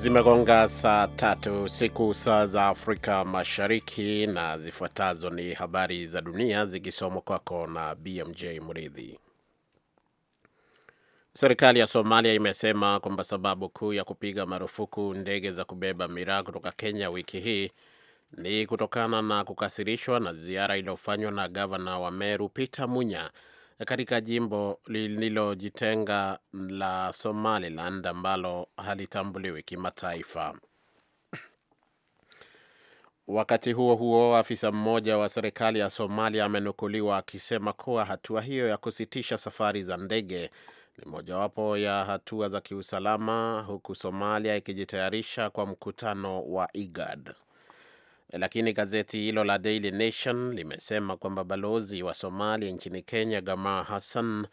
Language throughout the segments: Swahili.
Zimegonga saa tatu siku saa za Afrika Mashariki, na zifuatazo ni habari za dunia zikisomwa kwako na BMJ Mridhi. Serikali ya Somalia imesema kwamba sababu kuu ya kupiga marufuku ndege za kubeba miraa kutoka Kenya wiki hii ni kutokana na kukasirishwa na ziara iliyofanywa na gavana wa Meru Peter Munya katika jimbo lililojitenga la Somaliland ambalo halitambuliwi kimataifa. Wakati huo huo, afisa mmoja wa serikali ya Somalia amenukuliwa akisema kuwa hatua hiyo ya kusitisha safari za ndege ni mojawapo ya hatua za kiusalama, huku Somalia ikijitayarisha kwa mkutano wa IGAD lakini gazeti hilo la Daily Nation limesema kwamba balozi wa Somalia nchini Kenya gama Hassan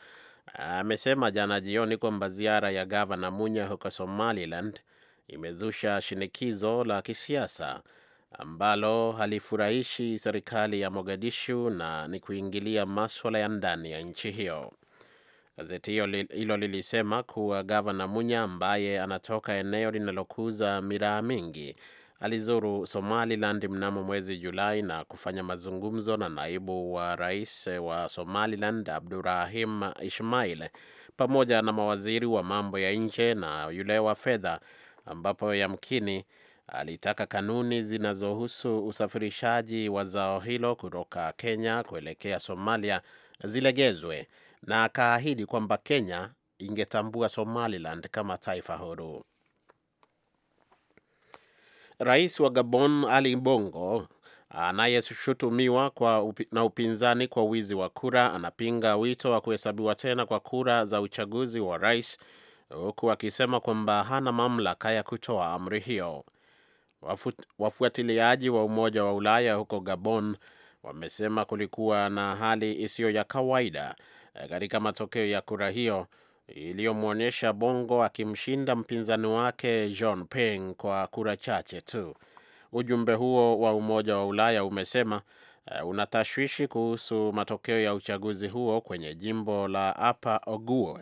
amesema jana jioni kwamba ziara ya gavana Munya huko Somaliland imezusha shinikizo la kisiasa ambalo halifurahishi serikali ya Mogadishu na ni kuingilia maswala ya ndani ya nchi hiyo. Gazeti hilo lilisema kuwa gavana Munya ambaye anatoka eneo linalokuza miraa mingi alizuru Somaliland mnamo mwezi Julai na kufanya mazungumzo na naibu wa rais wa Somaliland Abdurahim Ismail pamoja na mawaziri wa mambo ya nje na yule wa fedha, ambapo yamkini alitaka kanuni zinazohusu usafirishaji wa zao hilo kutoka Kenya kuelekea Somalia zilegezwe na akaahidi kwamba Kenya ingetambua Somaliland kama taifa huru. Rais wa Gabon Ali Bongo anayeshutumiwa upi, na upinzani kwa wizi wa kura anapinga wito wa kuhesabiwa tena kwa kura za uchaguzi wa rais huku akisema kwamba hana mamlaka ya kutoa amri hiyo. Wafuatiliaji wa Umoja wa Ulaya huko Gabon wamesema kulikuwa na hali isiyo ya kawaida eh, katika matokeo ya kura hiyo iliyomwonyesha Bongo akimshinda mpinzani wake John Ping kwa kura chache tu. Ujumbe huo wa Umoja wa Ulaya umesema uh, eh, unatashwishi kuhusu matokeo ya uchaguzi huo kwenye jimbo la Apa Oguo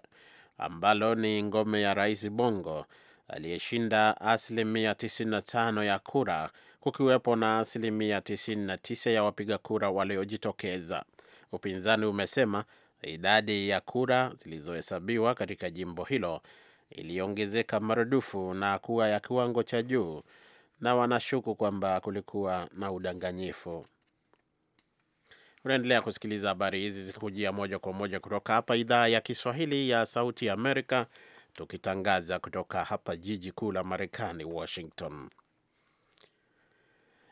ambalo ni ngome ya Rais Bongo aliyeshinda asilimia 95 ya kura kukiwepo na asilimia 99 ya wapiga kura waliojitokeza. Upinzani umesema idadi ya kura zilizohesabiwa katika jimbo hilo iliongezeka marudufu na kuwa ya kiwango cha juu, na wanashuku kwamba kulikuwa na udanganyifu. Unaendelea kusikiliza habari hizi zikikujia moja kwa moja kutoka hapa idhaa ya Kiswahili ya Sauti ya Amerika, tukitangaza kutoka hapa jiji kuu la Marekani, Washington.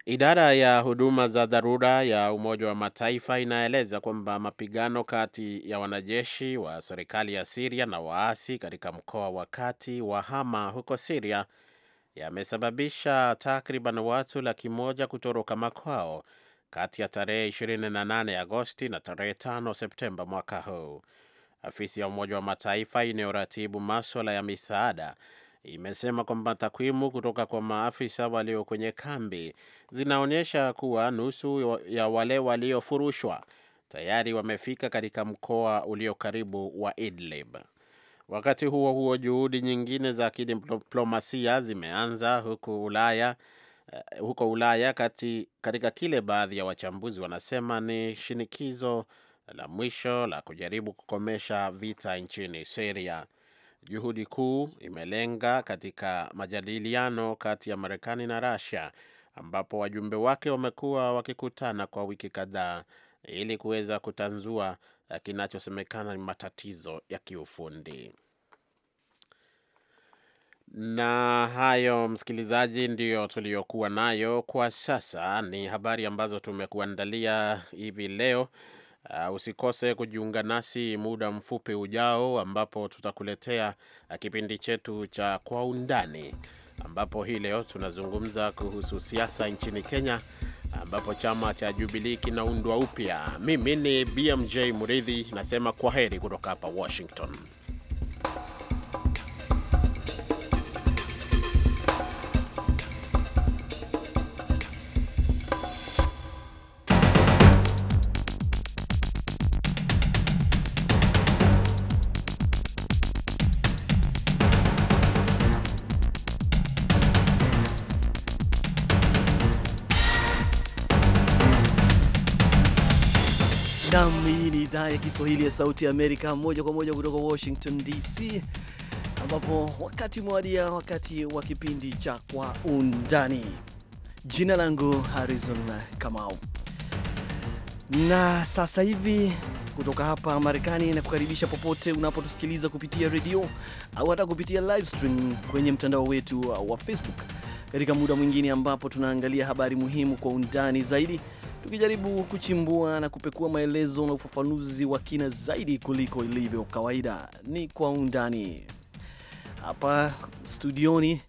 Idara ya huduma za dharura ya Umoja wa Mataifa inaeleza kwamba mapigano kati ya wanajeshi wa serikali ya Siria na waasi katika mkoa wa kati wa Hama huko Siria yamesababisha takriban watu laki moja kutoroka makwao kati ya tarehe 28 Agosti na tarehe 5 Septemba mwaka huu. Afisi ya Umoja wa Mataifa inayoratibu maswala ya misaada imesema kwamba takwimu kutoka kwa maafisa walio kwenye kambi zinaonyesha kuwa nusu ya wale waliofurushwa tayari wamefika katika mkoa ulio karibu wa Idlib. Wakati huo huo, juhudi nyingine za kidiplomasia zimeanza huko Ulaya, eh, huko Ulaya kati, katika kile baadhi ya wachambuzi wanasema ni shinikizo la mwisho la kujaribu kukomesha vita nchini Syria juhudi kuu imelenga katika majadiliano kati ya Marekani na Russia ambapo wajumbe wake wamekuwa wakikutana kwa wiki kadhaa ili kuweza kutanzua eh, kinachosemekana ni matatizo ya kiufundi. Na hayo, msikilizaji, ndiyo tuliyokuwa nayo kwa sasa. Ni habari ambazo tumekuandalia hivi leo. Uh, usikose kujiunga nasi muda mfupi ujao ambapo tutakuletea ah, kipindi chetu cha Kwa Undani, ambapo hii leo tunazungumza kuhusu siasa nchini Kenya, ambapo chama cha Jubilii kinaundwa upya. Mimi ni BMJ Muridhi, nasema kwa heri kutoka hapa Washington. Kiswahili ya Sauti ya Amerika, moja kwa moja kutoka Washington DC, ambapo wakati mwadia, wakati wa kipindi cha Kwa Undani. Jina langu Harrison Kamau, na sasa hivi kutoka hapa Marekani na kukaribisha popote unapotusikiliza kupitia redio au hata kupitia live stream kwenye mtandao wetu wa Facebook katika muda mwingine ambapo tunaangalia habari muhimu kwa undani zaidi tukijaribu kuchimbua na kupekua maelezo na ufafanuzi wa kina zaidi kuliko ilivyo kawaida. Ni kwa undani hapa studioni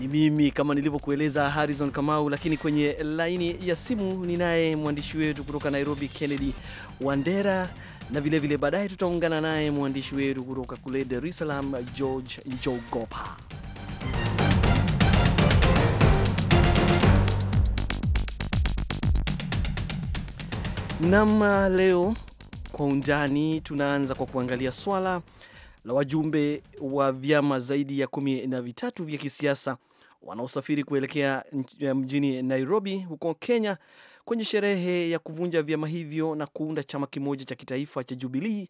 ni mimi kama nilivyokueleza Harrison Kamau, lakini kwenye laini ya simu ninaye mwandishi wetu kutoka Nairobi Kennedy Wandera, na vilevile baadaye tutaungana naye mwandishi wetu kutoka kule Dar es Salaam George Njogopa. Nam, leo kwa undani tunaanza kwa kuangalia swala la wajumbe wa vyama zaidi ya kumi na vitatu vya kisiasa wanaosafiri kuelekea eh, mjini Nairobi huko Kenya kwenye sherehe ya kuvunja vyama hivyo na kuunda chama kimoja cha kitaifa cha Jubilii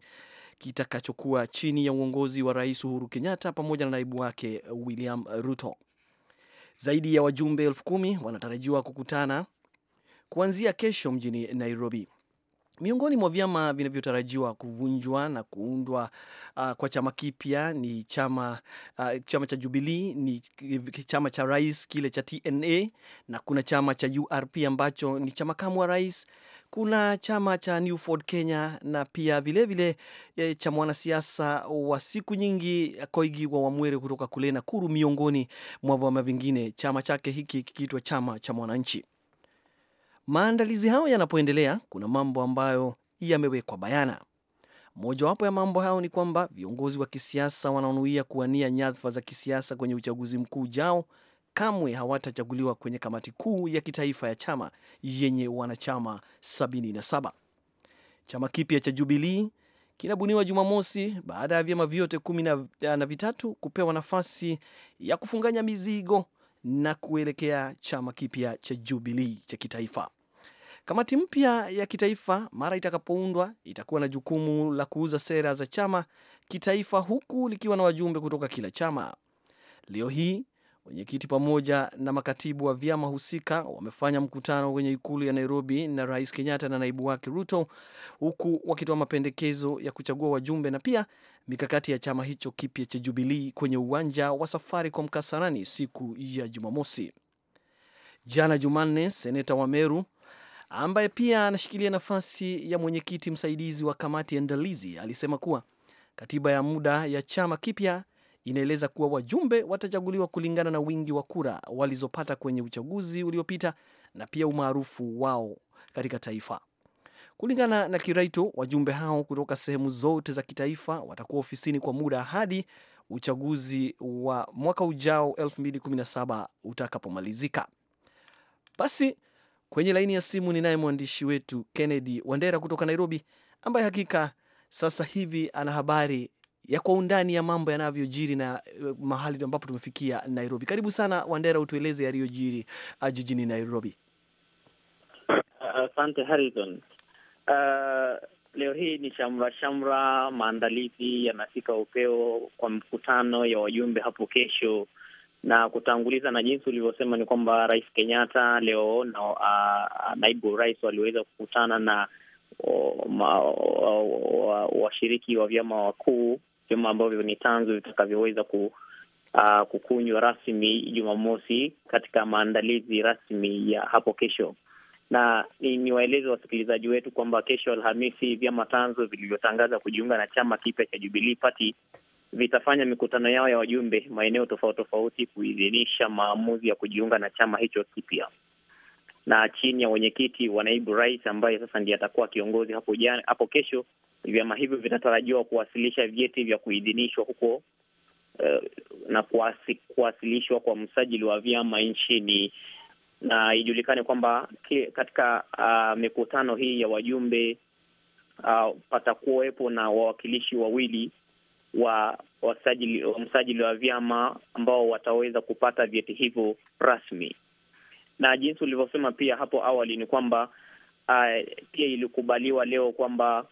kitakachokuwa chini ya uongozi wa Rais Uhuru Kenyatta pamoja na naibu wake William Ruto. Zaidi ya wajumbe elfu kumi wanatarajiwa kukutana kuanzia kesho mjini Nairobi. Miongoni mwa vyama vinavyotarajiwa kuvunjwa na kuundwa uh, kwa chama kipya ni chama, uh, chama cha Jubilee, ni chama cha rais kile cha TNA, na kuna chama cha URP ambacho ni cha makamu wa rais. Kuna chama cha New Ford Kenya na pia vilevile vile, eh, cha mwanasiasa wa siku nyingi Koigi wa Wamwere kutoka kule Nakuru, miongoni mwa vyama vingine, chama chake hiki kikiitwa chama cha Mwananchi. Maandalizi hayo yanapoendelea, kuna mambo ambayo yamewekwa bayana. Mojawapo ya mambo hayo ni kwamba viongozi wa kisiasa wanaonuia kuwania nyadhifa za kisiasa kwenye uchaguzi mkuu ujao kamwe hawatachaguliwa kwenye kamati kuu ya kitaifa ya chama yenye wanachama 77. Chama kipya cha Jubilii kinabuniwa Jumamosi baada ya vyama vyote kumi eh, na vitatu kupewa nafasi ya kufunganya mizigo na kuelekea chama kipya cha Jubilii cha kitaifa. Kamati mpya ya kitaifa mara itakapoundwa itakuwa na jukumu la kuuza sera za chama kitaifa, huku likiwa na wajumbe kutoka kila chama. Leo hii wenyekiti pamoja na makatibu wa vyama husika wamefanya mkutano kwenye ikulu ya Nairobi na Rais Kenyatta na naibu wake Ruto, huku wakitoa mapendekezo ya kuchagua wajumbe na pia mikakati ya chama hicho kipya cha Jubilii kwenye uwanja wa safari kwa mkasarani siku ya Jumamosi. Jana Jumanne, seneta wa Meru ambaye pia anashikilia nafasi ya mwenyekiti msaidizi wa kamati andalizi, alisema kuwa katiba ya muda ya chama kipya inaeleza kuwa wajumbe watachaguliwa kulingana na wingi wa kura walizopata kwenye uchaguzi uliopita na pia umaarufu wao katika taifa. Kulingana na Kiraito, wajumbe hao kutoka sehemu zote za kitaifa watakuwa ofisini kwa muda hadi uchaguzi wa mwaka ujao 2017 utakapomalizika. Basi Kwenye laini ya simu ninaye mwandishi wetu Kennedy Wandera kutoka Nairobi, ambaye hakika sasa hivi ana habari ya kwa undani ya mambo yanavyojiri na eh, mahali ambapo tumefikia Nairobi. Karibu sana Wandera, utueleze yaliyojiri ah, jijini Nairobi. Asante uh, Harrison. Uh, leo hii ni shamra shamra, maandalizi yanafika upeo kwa mkutano ya wajumbe hapo kesho na kutanguliza na jinsi ulivyosema ni kwamba Rais Kenyatta leo na uh, uh, naibu rais waliweza kukutana na washiriki wa vyama wakuu, vyama ambavyo ni tanzu vitakavyoweza ku uh, kukunywa rasmi Jumamosi katika maandalizi rasmi ya hapo kesho. Na ni waeleze wasikilizaji wetu kwamba kesho Alhamisi, vyama tanzu vilivyotangaza kujiunga na chama kipya cha Jubilee Party vitafanya mikutano yao ya wajumbe maeneo tofauti tofauti kuidhinisha maamuzi ya kujiunga na chama hicho kipya, na chini ya mwenyekiti wa naibu rais ambaye sasa ndiye atakuwa kiongozi hapo jana, hapo kesho vyama hivyo vinatarajiwa kuwasilisha vyeti vya kuidhinishwa huko uh, na kuwasi, kuwasilishwa kwa msajili wa vyama nchini, na ijulikane kwamba katika uh, mikutano hii ya wajumbe uh, patakuwepo na wawakilishi wawili wa wasajili, wa msajili wa vyama ambao wataweza kupata vyeti hivyo rasmi. Na jinsi ulivyosema pia hapo awali ni kwamba uh, pia ilikubaliwa leo kwamba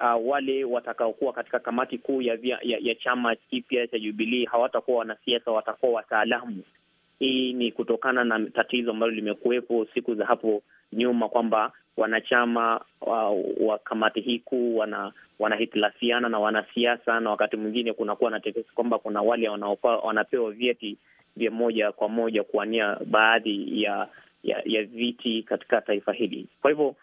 uh, wale watakaokuwa katika kamati kuu ya, ya, ya chama kipya cha Jubilii hawatakuwa wanasiasa, watakuwa wataalamu. Hii ni kutokana na tatizo ambalo limekuwepo siku za hapo nyuma kwamba wanachama wa, wa kamati hii kuu wana, wanahitilafiana na wanasiasa, na wakati mwingine kunakuwa na tetesi kwamba kuna wale wanapewa vyeti vya moja kwa moja kuwania baadhi ya, ya ya viti katika taifa hili. Kwa hivyo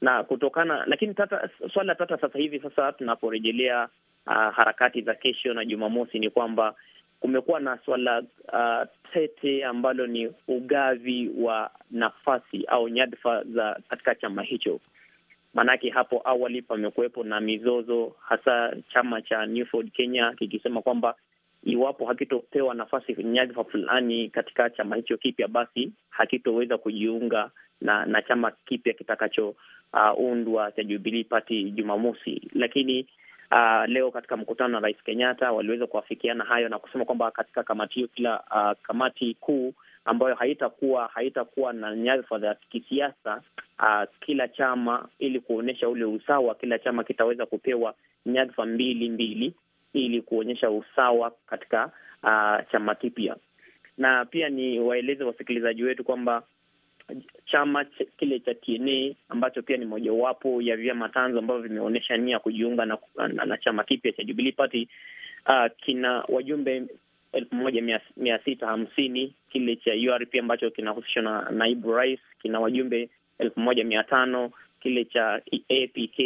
na kutokana, lakini tata, swala tata sasa hivi sasa tunaporejelea uh, harakati za kesho na Jumamosi ni kwamba kumekuwa na swala uh, tete ambalo ni ugavi wa nafasi au nyadhifa za katika chama hicho. Maanake hapo awali pamekuwepo na mizozo, hasa chama cha Newford Kenya kikisema kwamba iwapo hakitopewa nafasi nyadhifa fulani katika chama hicho kipya, basi hakitoweza kujiunga na, na chama kipya kitakachoundwa uh, cha Jubilee Party Jumamosi, lakini Uh, leo katika mkutano na Rais Kenyatta waliweza kuafikiana hayo na kusema kwamba katika kamati hiyo kila uh, kamati kuu ambayo haitakuwa haitakuwa na nyadhifa za kisiasa uh, kila chama, ili kuonyesha ule usawa, kila chama kitaweza kupewa nyadhifa mbili mbili ili kuonyesha usawa katika uh, chama kipya. Na pia ni waeleze wasikilizaji wetu kwamba chama kile cha TNA ambacho pia ni mojawapo ya vyama tanzo ambavyo vimeonyesha nia kujiunga na, na, na chama kipya cha Jubilee Party uh, kina wajumbe elfu moja mia, mia sita hamsini. Kile cha URP ambacho kinahusishwa na naibu rais kina wajumbe elfu moja mia tano. Kile cha APK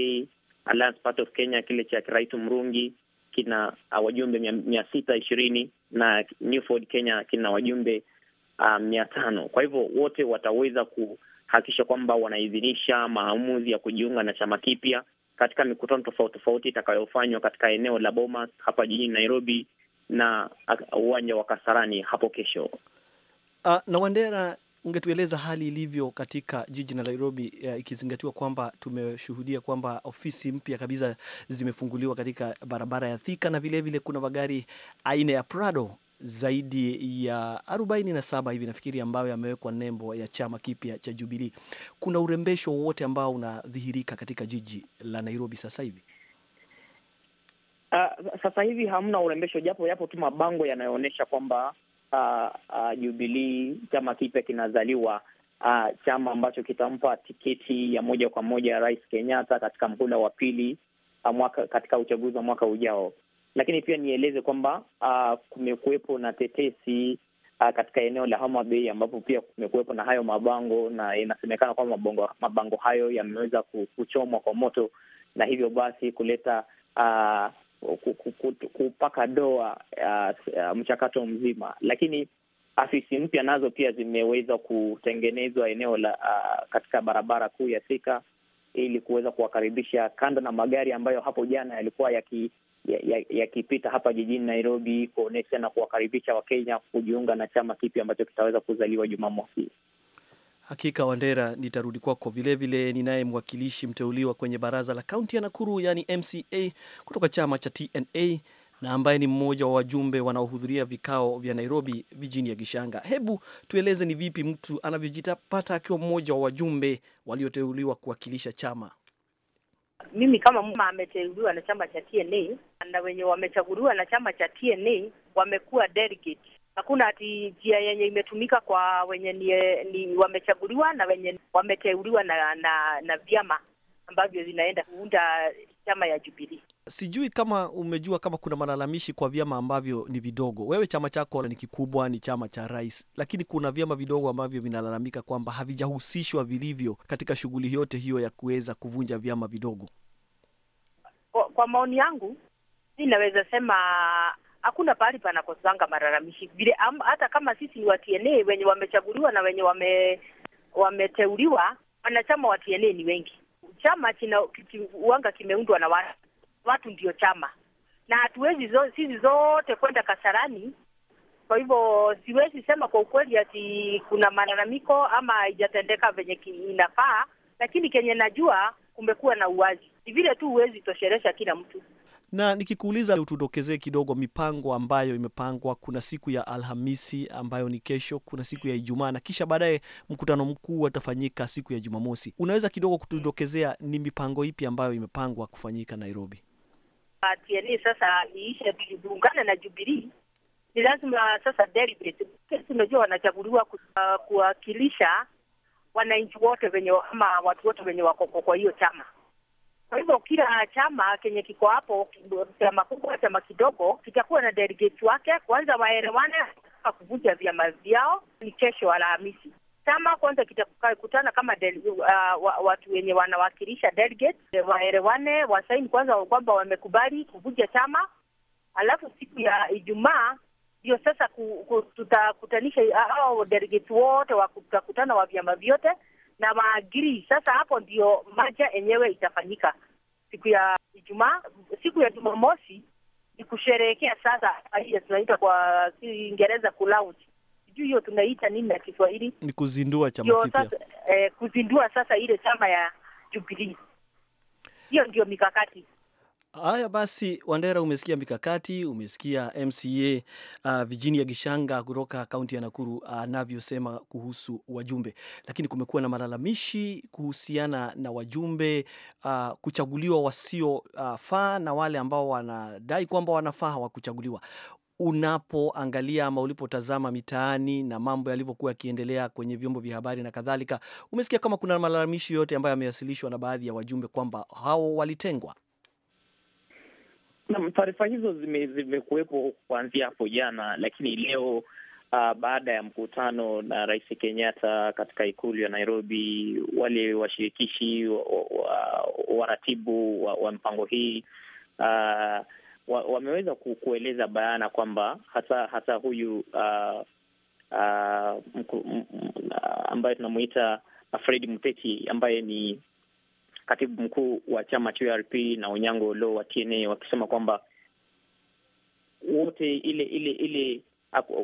Alliance Party of Kenya kile cha Kiraitu mrungi kina ah, wajumbe mia, mia sita ishirini na Kenya kina wajumbe uh, mia tano. Kwa hivyo wote wataweza kuhakikisha kwamba wanaidhinisha maamuzi ya kujiunga na chama kipya katika mikutano tofauti tofauti itakayofanywa katika eneo la Bomas hapa jijini Nairobi na uwanja wa Kasarani hapo kesho. Uh, na Wandera, ungetueleza hali ilivyo katika jiji la Nairobi uh, ikizingatiwa kwamba tumeshuhudia kwamba ofisi mpya kabisa zimefunguliwa katika barabara ya Thika na vilevile vile kuna magari aina ya Prado zaidi ya 47 hivi nafikiri, ambayo yamewekwa nembo ya chama kipya cha Jubilee. Kuna urembesho wowote ambao unadhihirika katika jiji la Nairobi sasa hivi? Uh, sasa hivi hamna urembesho, japo yapo tu mabango yanayoonyesha kwamba uh, uh, Jubilee chama kipya kinazaliwa, uh, chama ambacho kitampa tiketi ya moja kwa moja ya Rais Kenyatta katika mhula wa pili, uh, mwaka katika uchaguzi wa mwaka ujao. Lakini pia nieleze kwamba uh, kumekuwepo na tetesi uh, katika eneo la Homa Bay ambapo pia kumekuwepo na hayo mabango, na inasemekana kwamba mabango, mabango hayo yameweza kuchomwa kwa moto na hivyo basi kuleta uh, kupaka doa uh, mchakato mzima. Lakini afisi mpya nazo pia zimeweza kutengenezwa eneo la uh, katika barabara kuu ya Thika ili kuweza kuwakaribisha, kando na magari ambayo hapo jana yalikuwa yaki yakipita ya, ya hapa jijini Nairobi kuonyesha na kuwakaribisha Wakenya kujiunga na chama kipi ambacho kitaweza kuzaliwa Jumamosi. Hakika Wandera, nitarudi kwako vilevile. Ninaye mwakilishi mteuliwa kwenye baraza la kaunti ya Nakuru, yaani MCA kutoka chama cha TNA na ambaye ni mmoja wa wajumbe wanaohudhuria vikao vya Nairobi, Virginia Gishanga. Hebu tueleze ni vipi mtu anavyojitapata akiwa mmoja wa wajumbe walioteuliwa kuwakilisha chama mimi kama mama ameteuliwa na chama cha TNA na wenye wamechaguliwa na chama cha TNA wamekuwa delegate. Hakuna ati njia yenye imetumika kwa wenye ni, ni wamechaguliwa na wenye wameteuliwa na, na, na vyama ambavyo zinaenda kuunda chama ya Jubilii. Sijui kama umejua kama kuna malalamishi kwa vyama ambavyo ni vidogo. Wewe chama chako ni kikubwa, ni chama cha rais, lakini kuna vyama vidogo ambavyo vinalalamika kwamba havijahusishwa vilivyo katika shughuli yote hiyo ya kuweza kuvunja vyama vidogo. Kwa, kwa maoni yangu mi naweza sema hakuna pahali panakosanga malalamishi vile, hata kama sisi ni wa TNA wenye wamechaguliwa na wenye wame wameteuliwa, wanachama wa TNA ni wengi chama china uanga kimeundwa na watu, watu ndio chama, na hatuwezi zo, sisi zote kwenda Kasarani. Kwa hivyo siwezi sema kwa ukweli ati kuna malalamiko ama haijatendeka venye inafaa, lakini kenye najua kumekuwa na uwazi. Ni vile tu huwezi tosheresha kila mtu na nikikuuliza tudokezee kidogo mipango ambayo imepangwa. Kuna siku ya Alhamisi ambayo ni kesho, kuna siku ya Ijumaa na kisha baadaye mkutano mkuu atafanyika siku ya Jumamosi. Unaweza kidogo kutudokezea ni mipango ipi ambayo imepangwa kufanyika Nairobi? Ah, tni sasa iishe kuungana na Jubilee, ni lazima sasa unajua wanachaguliwa ah, kuwakilisha wananchi wote wenye ama watu wote wenye wako kwa hiyo chama kwa hivyo kila chama kenye kiko hapo, chama kubwa, chama kidogo, kitakuwa na delegates wake. Kwanza waelewane a kuvunja vyama vyao ni kesho Alhamisi. Chama kwanza kitakutana kama deli, uh, watu wenye wanawakilisha delegates, waelewane, wasaini kwanza kwamba wamekubali kuvunja chama, alafu siku ya Ijumaa ndio sasa tutakutanisha hao delegates wote, wakutakutana wa vyama vyote na maagiri. Sasa hapo ndio maja yenyewe itafanyika siku ya Ijumaa, siku ya Jumamosi ni kusherehekea sasa, ile tunaita kwa Kiingereza kulaunch, sijui hiyo tunaita nini na Kiswahili, ni kuzindua chama kipya eh, kuzindua sasa ile chama ya Jubilii, Hiyo ndio mikakati Haya basi, Wandera, umesikia mikakati, umesikia MCA uh, Virginia Gishanga kutoka kaunti ya Nakuru uh, anavyosema uh, kuhusu wajumbe, lakini kumekuwa na malalamishi kuhusiana na wajumbe uh, kuchaguliwa wasiofaa uh, na wale ambao wanadai kwamba wanafaa hawakuchaguliwa. Unapoangalia ama ulipotazama mitaani na mambo yalivyokuwa yakiendelea kwenye vyombo vya habari na kadhalika, umesikia kama kuna malalamishi yote ambayo yamewasilishwa na baadhi ya wajumbe kwamba hao walitengwa? Naam, taarifa hizo zimekuwepo zime kuanzia hapo jana, lakini leo uh, baada ya mkutano na Rais Kenyatta katika ikulu ya Nairobi, wale washirikishi waratibu wa, wa, wa, wa mpango hii uh, wa, wameweza kueleza bayana kwamba hata hata huyu uh, uh, ambaye tunamuita Fred muteti ambaye ni katibu mkuu wa chama cha URP na Onyango lo wa TNA wakisema kwamba wote ile ile ile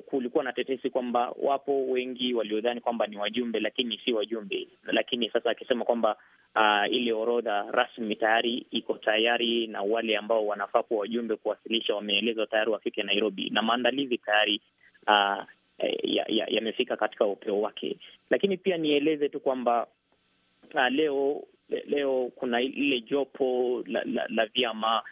kulikuwa na tetesi kwamba wapo wengi waliodhani kwamba ni wajumbe lakini si wajumbe. Lakini sasa akisema kwamba uh, ile orodha rasmi tayari iko tayari na wale ambao wanafaa kuwa wajumbe kuwasilisha wameelezwa tayari wafike Nairobi na maandalizi tayari uh, ah, yamefika ya, ya katika upeo wake. Lakini pia nieleze tu kwamba uh, leo leo kuna lile jopo la, la, la vyama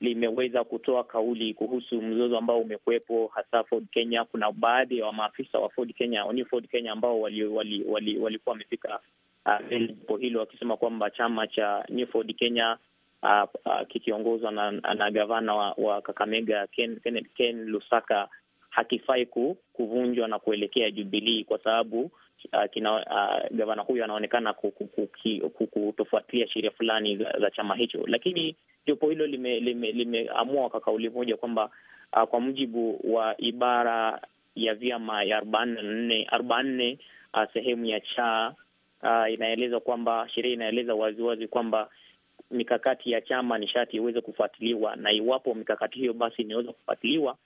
limeweza kutoa kauli kuhusu mzozo ambao umekuwepo hasa Ford Kenya. Kuna baadhi ya maafisa wa Ford Kenya, New Ford Kenya ambao walikuwa wali, wali, wali wamefika mbele ah, uh, jopo hilo wakisema kwamba chama cha New Ford Kenya uh, uh, kikiongozwa na, na gavana wa, wa Kakamega Ken, Ken, Ken Lusaka hakifai kuvunjwa na kuelekea Jubilii kwa sababu Uh, uh, gavana huyu anaonekana kutofuatilia sheria fulani za, za chama hicho, lakini jopo hilo limeamua lime, lime kwa kauli moja kwamba uh, kwa mujibu wa ibara ya vyama ya arobaini arobaini na nne uh, sehemu ya cha uh, inaeleza kwamba sheria inaeleza waziwazi kwamba mikakati ya chama ni sharti iweze kufuatiliwa, na iwapo mikakati hiyo basi inaweza kufuatiliwa,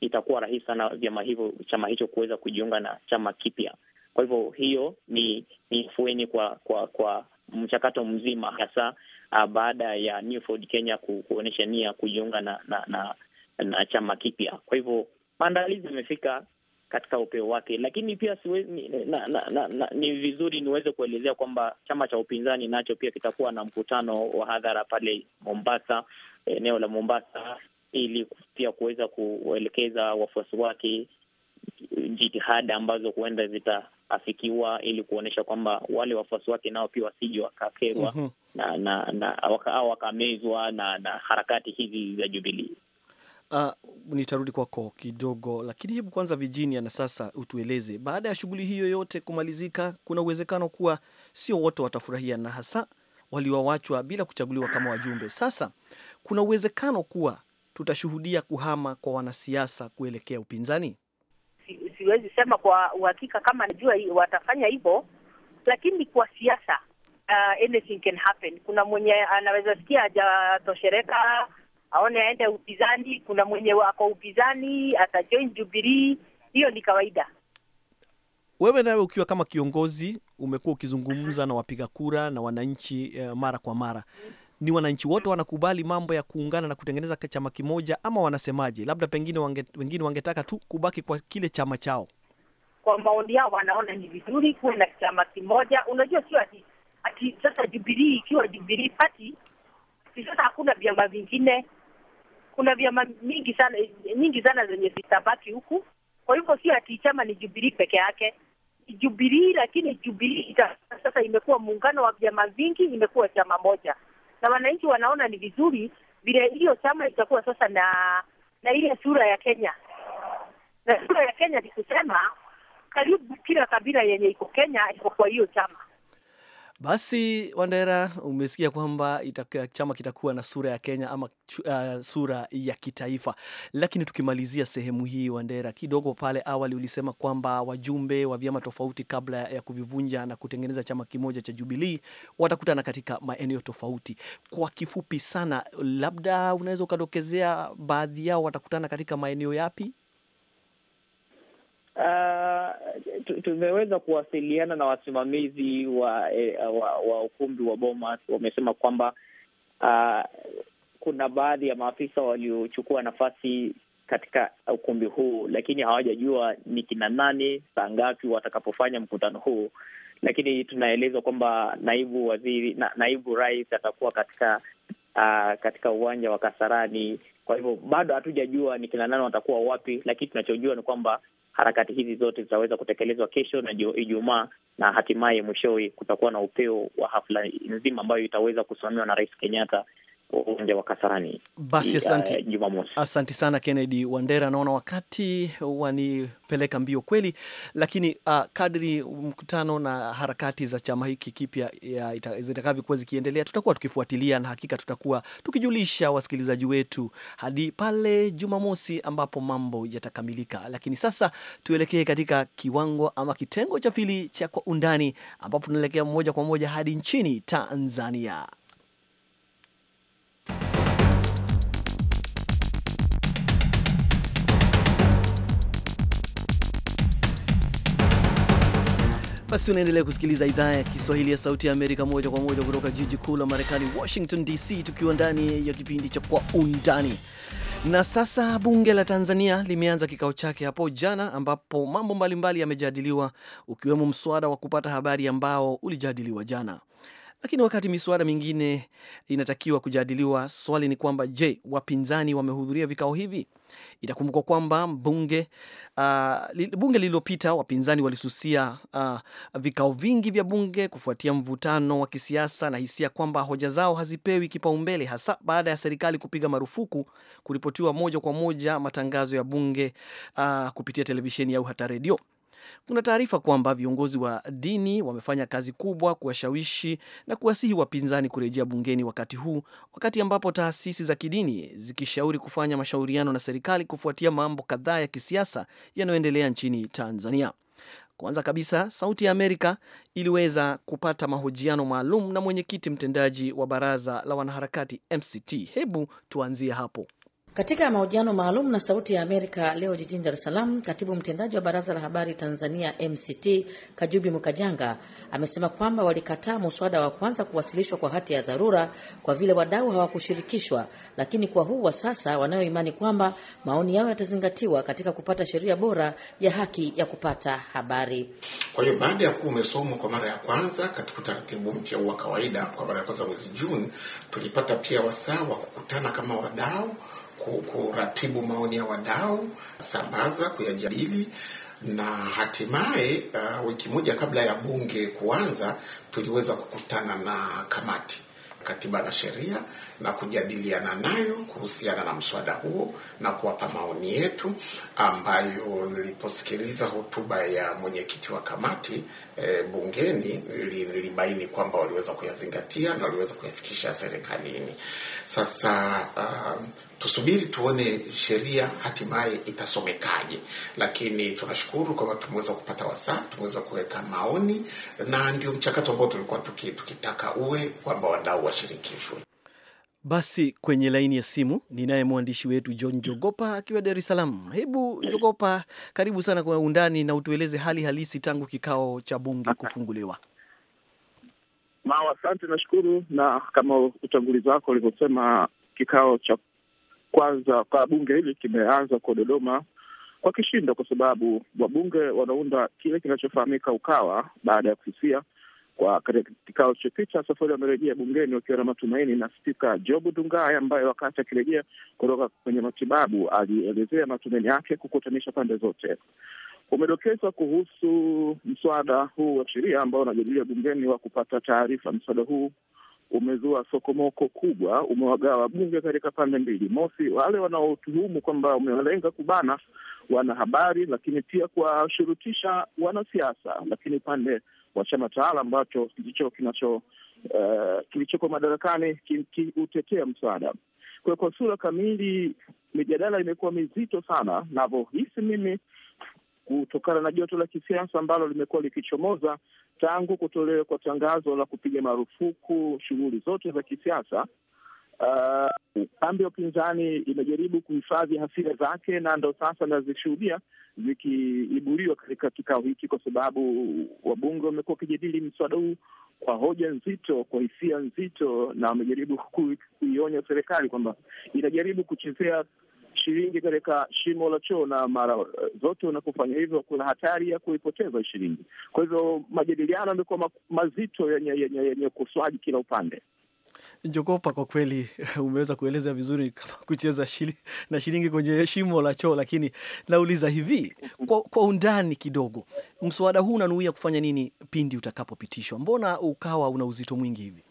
itakuwa rahisi sana vyama hivyo chama hicho kuweza kujiunga na chama kipya. Kwa hivyo hiyo ni ni afueni kwa kwa kwa mchakato mzima, hasa uh, baada ya Newford Kenya ku, kuonyesha nia kujiunga na na, na na chama kipya. Kwa hivyo maandalizi yamefika katika upeo wake, lakini pia siwe, ni, na, na, na, na, ni vizuri niweze kuelezea kwamba chama cha upinzani nacho pia kitakuwa na mkutano wa hadhara pale Mombasa, eneo la Mombasa, ili pia kuweza kuelekeza wafuasi wake jitihada ambazo huenda zita afikiwa ili kuonyesha kwamba wale wafuasi wake nao pia wasije wakakerwa mm -hmm. na na, na waka, wakamezwa na, na harakati hizi za Jubilii. Uh, ah, nitarudi kwako kidogo, lakini hebu kwanza Virginia, na sasa utueleze, baada ya shughuli hiyo yote kumalizika, kuna uwezekano kuwa sio wote watafurahia na hasa waliowachwa bila kuchaguliwa kama wajumbe. Sasa kuna uwezekano kuwa tutashuhudia kuhama kwa wanasiasa kuelekea upinzani si, siwezi sema kwa uhakika kama najua watafanya hivyo, lakini kwa siasa uh, anything can happen. Kuna mwenye anaweza sikia hajatoshereka aone aende upinzani, kuna mwenye upizani upinzani atajoin Jubilee. Hiyo ni kawaida. Wewe nawe ukiwa kama kiongozi umekuwa ukizungumza na wapiga kura na wananchi uh, mara kwa mara mm -hmm ni wananchi wote wanakubali mambo ya kuungana na kutengeneza chama kimoja, ama wanasemaje? Labda pengine wange, wengine wangetaka tu kubaki kwa kile chama chao. Kwa maoni yao, wanaona ni vizuri kuwe na chama kimoja. Unajua sio ati, ati sasa Jubilii ikiwa Jubilee Party sasa hakuna vyama vingine. Kuna vyama mingi sana nyingi sana zenye zitabaki huku, kwa hivyo sio ati chama ni Jubilii peke yake Jubilii, lakini Jubilii sasa imekuwa muungano wa vyama vingi, imekuwa chama moja na wananchi wanaona ni vizuri vile hiyo chama itakuwa sasa na na ile sura ya Kenya, na sura ya Kenya ni kusema karibu kila kabila yenye iko Kenya iko kwa hiyo chama. Basi Wandera, umesikia kwamba chama kitakuwa na sura ya Kenya ama uh, sura ya kitaifa. Lakini tukimalizia sehemu hii, Wandera, kidogo pale awali ulisema kwamba wajumbe wa vyama tofauti kabla ya kuvivunja na kutengeneza chama kimoja cha jubilii watakutana katika maeneo tofauti. Kwa kifupi sana, labda unaweza ukadokezea baadhi yao watakutana katika maeneo yapi? uh, tumeweza kuwasiliana na wasimamizi wa, eh, wa, wa ukumbi wa Bomas. Wamesema kwamba uh, kuna baadhi ya maafisa waliochukua nafasi katika ukumbi huu, lakini hawajajua ni kina nani, saa ngapi watakapofanya mkutano huu. Lakini tunaelezwa kwamba naibu waziri na, naibu rais atakuwa katika uh, katika uwanja wa Kasarani. Kwa hivyo bado hatujajua ni kina nani watakuwa wapi, lakini tunachojua ni kwamba harakati hizi zote zitaweza kutekelezwa kesho na Ijumaa, na hatimaye mwishowe kutakuwa na upeo wa hafla nzima ambayo itaweza kusimamiwa na Rais Kenyatta uwanja wa Kasarani basi. Eh, asante, uh, Jumamosi. Asante sana Kennedy Wandera, naona wakati wanipeleka mbio kweli, lakini uh, kadri mkutano na harakati za chama hiki kipya zitakavyokuwa zikiendelea, tutakuwa tukifuatilia na hakika tutakuwa tukijulisha wasikilizaji wetu hadi pale Jumamosi ambapo mambo yatakamilika. Lakini sasa tuelekee katika kiwango ama kitengo cha pili cha Kwa Undani, ambapo tunaelekea moja kwa moja hadi nchini Tanzania. Basi unaendelea kusikiliza idhaa ya Kiswahili ya Sauti ya Amerika moja kwa moja kutoka jiji kuu la Marekani, Washington DC, tukiwa ndani ya kipindi cha Kwa Undani. Na sasa bunge la Tanzania limeanza kikao chake hapo jana, ambapo mambo mbalimbali yamejadiliwa, ukiwemo mswada wa kupata habari ambao ulijadiliwa jana. Lakini wakati miswada mingine inatakiwa kujadiliwa, swali ni kwamba je, wapinzani wamehudhuria vikao hivi? Itakumbukwa kwamba bunge uh, bunge lililopita wapinzani walisusia uh, vikao vingi vya bunge kufuatia mvutano wa kisiasa na hisia kwamba hoja zao hazipewi kipaumbele, hasa baada ya serikali kupiga marufuku kuripotiwa moja kwa moja matangazo ya bunge uh, kupitia televisheni au hata redio. Kuna taarifa kwamba viongozi wa dini wamefanya kazi kubwa kuwashawishi na kuwasihi wapinzani kurejea bungeni wakati huu, wakati ambapo taasisi za kidini zikishauri kufanya mashauriano na serikali kufuatia mambo kadhaa ya kisiasa yanayoendelea nchini Tanzania. Kwanza kabisa, Sauti ya Amerika iliweza kupata mahojiano maalum na mwenyekiti mtendaji wa Baraza la Wanaharakati MCT. Hebu tuanzie hapo. Katika mahojiano maalum na Sauti ya Amerika leo jijini Dar es Salaam, katibu mtendaji wa Baraza la Habari Tanzania MCT Kajubi Mukajanga amesema kwamba walikataa muswada wa kwanza kuwasilishwa kwa hati ya dharura kwa vile wadau hawakushirikishwa, lakini kwa huu wa sasa wanayoimani kwamba maoni yao yatazingatiwa katika kupata sheria bora ya haki ya kupata habari. Kwa hiyo baada ya kuwa umesomwa kwa mara ya kwanza katika utaratibu mpya wa kawaida kwa mara ya kwanza mwezi Juni, tulipata pia wasaa wa kukutana kama wadau kuratibu maoni ya wadau, sambaza, kuyajadili na hatimaye uh, wiki moja kabla ya bunge kuanza tuliweza kukutana na kamati katiba na sheria na kujadiliana nayo kuhusiana na mswada huo na kuwapa maoni yetu, ambayo niliposikiliza hotuba ya mwenyekiti wa kamati e, bungeni nilibaini kwamba waliweza kuyazingatia na waliweza kuyafikisha serikalini. Sasa uh, tusubiri tuone sheria hatimaye itasomekaje, lakini tunashukuru kwamba tumeweza kupata wasaa, tumeweza kuweka maoni, na ndio mchakato ambao tulikuwa tukitaka uwe kwamba wadau washirikishwe. Basi kwenye laini ya simu ninaye mwandishi wetu John Jogopa akiwa Dar es Salaam. Hebu Jogopa, karibu sana kwa undani na utueleze hali halisi tangu kikao cha bunge ah, ah. kufunguliwa. Mao, asante, nashukuru. Na kama utangulizi wako ulivyosema, kikao cha kwanza kwa bunge hili kimeanza kwa Dodoma kwa kishindo, kwa sababu wabunge wanaunda kile kinachofahamika Ukawa baada ya kufifia kwa katika alichopita safari wamerejea bungeni wakiwa na matumaini, na Spika Jobu Dungai ambaye wakati akirejea kutoka kwenye matibabu alielezea matumaini yake kukutanisha pande zote. Umedokezwa kuhusu mswada huu wa sheria ambao unajadilia bungeni wa kupata taarifa. Mswada huu umezua sokomoko kubwa, umewagawa bunge katika pande mbili. Mosi, wale wanaotuhumu kwamba umewalenga kubana wanahabari, lakini pia kuwashurutisha wanasiasa. Lakini pande wa chama tawala ambacho ndicho kinacho uh, kilichoko madarakani kiutetea msaada. Kwa kwa sura kamili, mijadala imekuwa mizito sana navyohisi mimi, kutokana na joto la kisiasa ambalo limekuwa likichomoza tangu kutolewa kwa tangazo la kupiga marufuku shughuli zote za kisiasa kambi uh, ya upinzani imejaribu kuhifadhi hasira zake na ndo sasa nazishuhudia zikiiburiwa katika kikao hiki, kwa sababu wabunge wamekuwa wakijadili mswada huu kwa hoja nzito, kwa hisia nzito, na wamejaribu kuionya serikali kwamba inajaribu kuchezea shilingi katika shimo la choo, na mara zote unapofanya hivyo kuna hatari ya kuipoteza shilingi. Kwa hivyo majadiliano yamekuwa mazito yenye ukosoaji kila upande. Njokopa, kwa kweli umeweza kueleza vizuri kama kucheza shili, na shilingi kwenye shimo la choo, lakini nauliza hivi kwa, kwa undani kidogo, mswada huu unanuia kufanya nini pindi utakapopitishwa? Mbona ukawa una uzito mwingi hivi?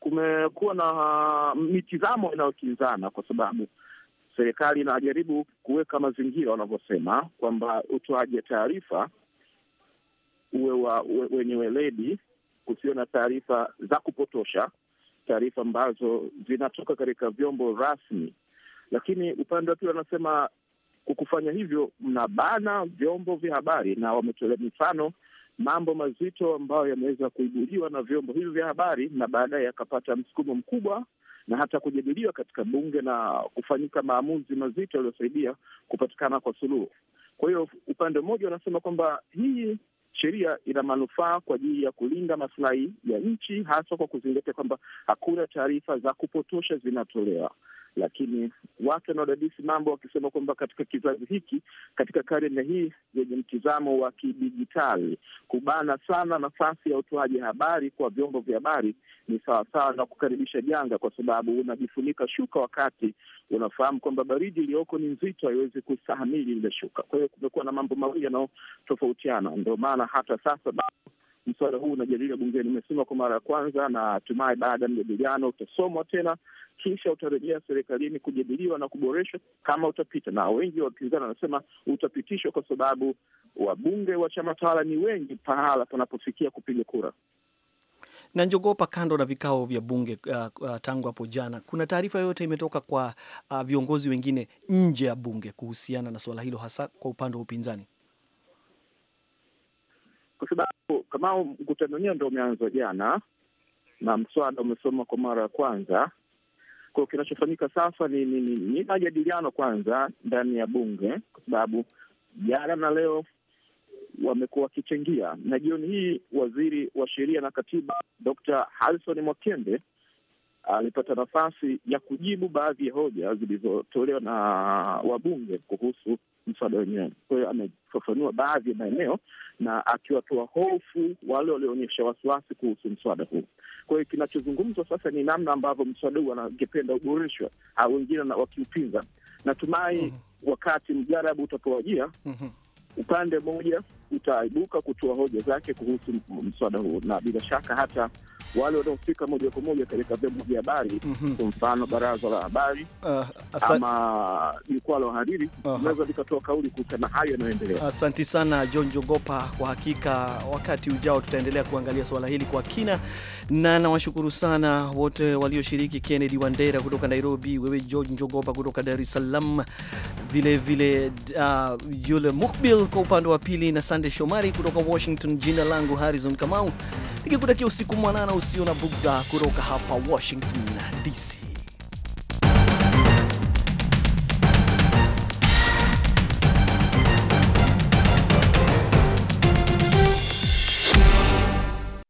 Kumekuwa na uh, mitizamo inayokinzana kwa sababu serikali inajaribu kuweka mazingira wanavyosema kwamba utoaji taarifa uwe wenye weledi kusio na taarifa za kupotosha, taarifa ambazo zinatoka katika vyombo rasmi. Lakini upande wa pili wanasema kwa kufanya hivyo mnabana vyombo vya habari, na wametolea mifano mambo mazito ambayo yameweza kuibuliwa na vyombo hivyo vya habari na baadaye yakapata msukumo mkubwa na hata kujadiliwa katika bunge na kufanyika maamuzi mazito yaliyosaidia kupatikana kwa suluhu. Kwa hiyo upande mmoja wanasema kwamba hii sheria ina manufaa kwa ajili ya kulinda maslahi ya nchi, haswa kwa kuzingatia kwamba hakuna taarifa za kupotosha zinatolewa lakini watu wanaodadisi mambo wakisema kwamba katika kizazi hiki, katika karne hii yenye mtizamo wa kidijitali, kubana sana nafasi ya utoaji habari kwa vyombo vya habari ni sawasawa na kukaribisha janga, kwa sababu unajifunika shuka wakati unafahamu kwamba baridi iliyoko ni nzito, haiwezi kustahamili ile shuka. Kwa hiyo kumekuwa na mambo mawili yanayotofautiana, ndio maana hata sasa bado mswada huu unajadiliwa bungeni, umesema kwa mara ya kwanza, na hatimaye baada ya mjadiliano utasomwa tena, kisha utarejea serikalini kujadiliwa na kuboreshwa kama utapita. Na wengi wa wapinzani wanasema utapitishwa kwa sababu wabunge wa chama tawala ni wengi pahala panapofikia kupiga kura na njogopa kando na vikao vya bunge uh, uh, tangu hapo jana, kuna taarifa yoyote imetoka kwa uh, viongozi wengine nje ya bunge kuhusiana na suala hilo, hasa kwa upande wa upinzani? kwa sababu kama mkutano wenyewe ndo umeanza jana na mswada umesoma kwa mara ya kwanza kwao, kinachofanyika sasa ni, ni, ni, ni majadiliano kwanza ndani ya bunge, kwa sababu jana na leo wamekuwa wakichangia, na jioni hii waziri wa sheria na katiba Dr. Harrison Mwakembe alipata nafasi ya kujibu baadhi ya hoja zilizotolewa na wabunge kuhusu mswada wenyewe. Kwa hiyo amefafanua baadhi ya maeneo na akiwatoa hofu wale walioonyesha wasiwasi kuhusu mswada huu. Kwa hiyo kinachozungumzwa sasa ni namna ambavyo mswada huu anangependa uboreshwa au wengine wakiupinza. Natumai mm -hmm. wakati mjarabu utapowajia mm -hmm. upande mmoja utaibuka kutoa hoja zake kuhusu mswada huu, na bila shaka hata wale wanaofika moja kwa moja katika vyombo vya habari, mhm. kwa mfano baraza la habari ah, ama jukwaa la wahariri, vinaweza vikatoa kauli kuhusiana hayo yanayoendelea. Asanti sana John Jogopa, kwa hakika wakati ujao tutaendelea kuangalia swala hili kwa kina, na nawashukuru sana wote walioshiriki, Kennedy Wandera kutoka Nairobi, wewe George Njogopa kutoka Dar es Salaam, vilevile uh, ah, yule Mukbil kwa upande wa pili na Sande Shomari kutoka Washington. Jina langu Harrison Kamau nikikutakia usiku mwanana usio na bugda kutoka hapa Washington DC.